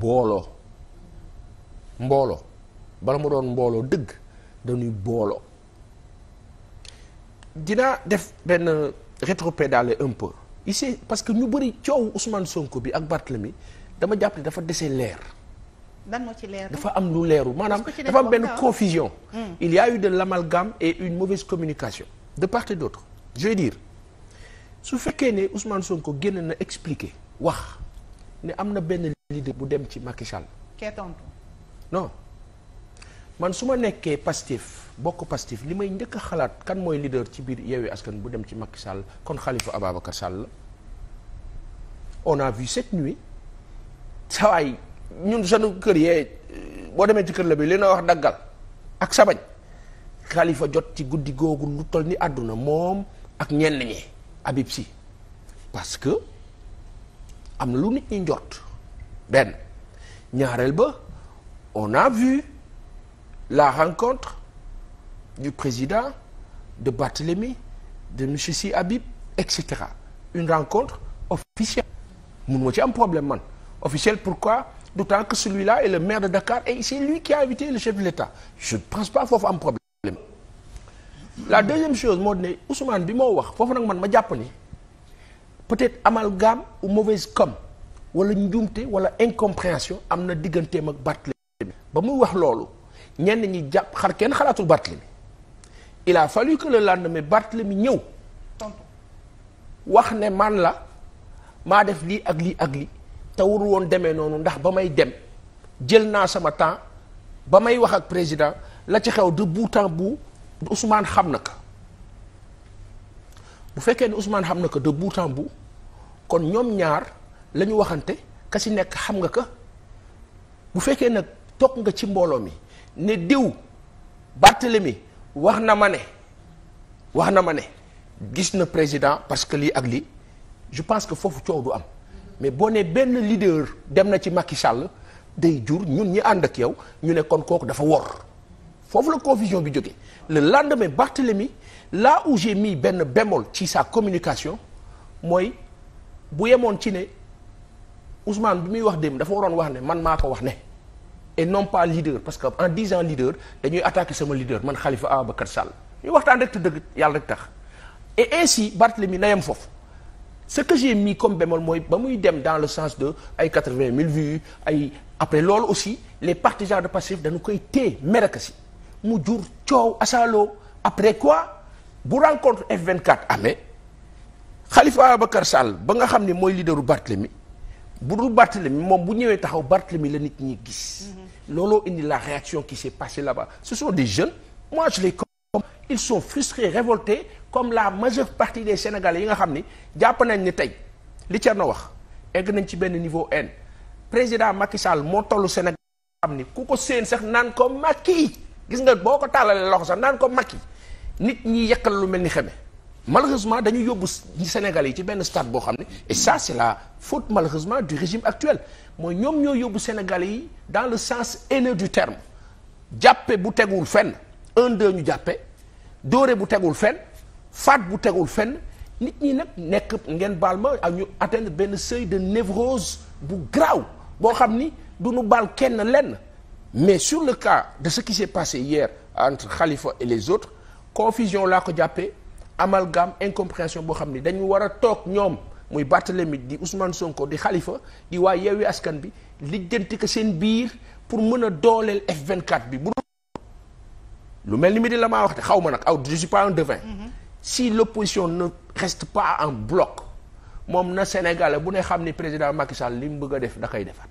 booloo mbooloo bala mu doon mbooloo dëgg dañuy booloo dinaa def benn rétropédale un peu ici parce que ñu bëri coow Ousmane Sonko bi ak Barthélemy dama jàpp ne dafa dese leer. dan moo ci leer dafa am lu leeru maanaam dafa am benn confusion. Hmm. il y a eu de l'amalgame et une mauvaise communication. de part et d'autre je dire su fekkee ne Ousmane Sonko génn na expliquer wax ne am na benn. lii leader bu dem ci Macky Sall. kee non man su ma nekkee Pastef bokk pastif li may njëkk a xalaat kan mooy leader ci biir Yewwi Askan bu dem ci Macky Sall kon Khalifa Ababacar Sall on a vu cette nuit sawaay ñun sunu kër yee boo demee ci kër la bi li na wax daggal ak sabañ xalifa jot ci guddi googu lu toll ni àdduna moom ak ñenn ñi Habib Sy parce que am na lu nit ñi njort. benn ñaareel ba on a vu la rencontre du président de Barthélemy de monsieur Sy Habib et cetera une rencontre officielle mun ma ci am problème man officielle pourquoi d'autant que celui-là et le maire de Dakar et c'est lui qui a invité le chef de l'État je ne pense pas foofu am problème la deuxième chose moo di ne Ousmane bi moo wax foofu nag man ma jàpp ni peut-être amalgame ou mauvaise com wala njuumte wala incompréhension am na digganteem ak Barthélemy ba muy wax loolu ñenn ñi jàpp xar kenn xalaatul Barthélemy il a fallu que le lendemain Barthélemy ñëw tontu wax ne man la maa def lii ak lii ak lii te warul woon demee noonu ndax ba may dem jël naa sama temps ba may wax ak président la ci xew de bout en bout Ousmane xam na ko bu fekkee ne Ousmane xam na ko de bout en bout kon ñoom ñaar lañu waxante ka si nekk xam nga ka bu fekkee nag toog nga ci mbooloo mi ne diw Barthélemy wax na ma ne wax na ma ne gis na président parce que lii ak lii je pense que foofu coow du am mais boo nee benn leader dem na ci Macky Sall day jur ñun ñi ànd ak yow ñu ne kon kooku dafa wor foofu la confusion bi jóge le lendemain Barthélemy là où j'ai mis benn bémol ci sa communication mooy bu yemoon ci ne Ousmane bi muy wax démb dafa waroon wax ne man maa ko wax ne et non pas leader parce que en disant leader dañuy attaquer sama leader man Khalifa Ababacar Sall ñu waxtaan rek te dëgg yàlla rek tax et ainsi Barthélemy na yem foofu ce que j'ai mis comme bémol mooy ba muy dem dans le sens de ay quatre-vingt mille vues ay après loolu aussi les partisans de Pastef dañu koy té meraka si mu jur coow asaaloo après quoi bu rencontre f quatre amee Khalifa Ababacar Sall ba nga xam ne mooy leaderu Barthélemy bu dul Barthélemy moom bu ñëwee taxaw mi la nit ñi gis. looloo indi la réaction qui s'est passée la bas ce sont des jeunes moi je les comme ils sont frustrés révoltés comme la majeure partie des Sénégalais yi nga xam ni jàpp nañ ne tey li Thierno wax egg nañ ci benn niveau N président Macky Sall moo tollu Sénégal xam ni ku ko seen sax naan ko Macky gis nga boo ko tàllalee loxo sax naan ko Macky nit ñi yekkal lu mel ni xeme malheureusement dañu yóbbu Sénégal yi ci benn stade boo xam ne et ça c'est la faute malheureusement du régime actuel mooy ñoom ñoo yóbbu Sénégal yi dans le sens haineux du terme jàppe bu tegul fenn un deux ñu jàppe dóore bu tegul fenn faat bu tegul fenn nit ñi nag nekk ngeen baal ma ñu atteindre benn seuil de névrose bu graaw boo xam ni du ñu baal kenn lenn mais sur le cas de ce qui s'est passé hier entre Khalifa et les autres confusion laa ko jàppee amalgame incompréhension boo xam ni dañu war a toog ñoom muy Barthélemy di Ousmane Sonko di xalifa di waa Yewwi Askan bi lijjanti ko seen biir pour mën a dooleel F24 bi bu lu mel ni mu di la maa wax de xaw ma nag aw je suis pas un devin mhm. si l'opposition ne reste pas en bloc moom na Sénégalais bu ne xam ni président Macky Sall li mu bëgg a def da koy defaat